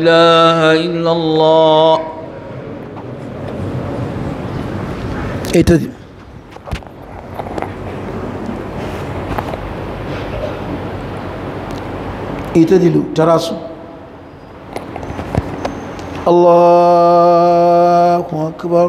إله إلا الله এটা এটা দিল যারা আসো আল্লাহ আকবর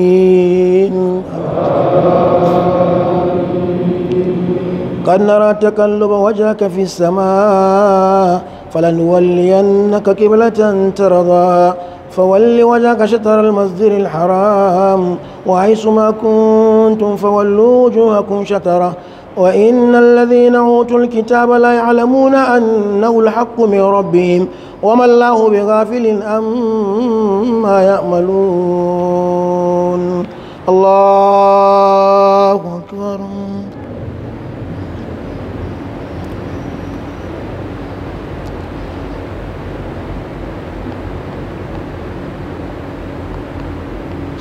لقد نرى تقلب وجهك في السماء فلنولينك قبلة ترضاها فول وجهك شطر المسجد الحرام وحيث ما كنتم فولوا وجوهكم شطره وإن الذين أوتوا الكتاب لا يعلمون أنه الحق من ربهم وما الله بغافل أما يأملون الله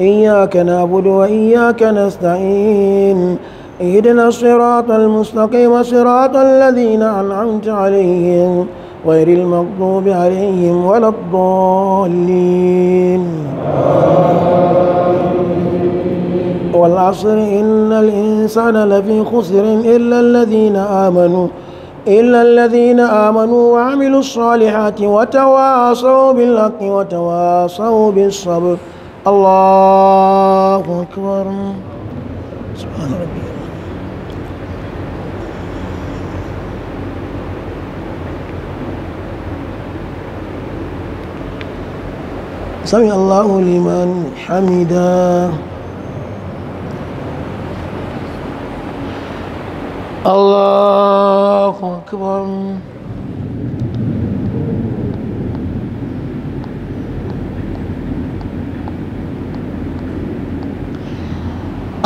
إياك نعبد وإياك نستعين اهدنا الصراط المستقيم صراط الذين أنعمت عليهم غير المغضوب عليهم ولا الضالين والعصر إن الإنسان لفي خسر إلا الذين آمنوا إلا الذين آمنوا وعملوا الصالحات وتواصوا بالحق وتواصوا بالصبر الله أكبر سبحان ربي سمع الله لمن حمدا الله أكبر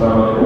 So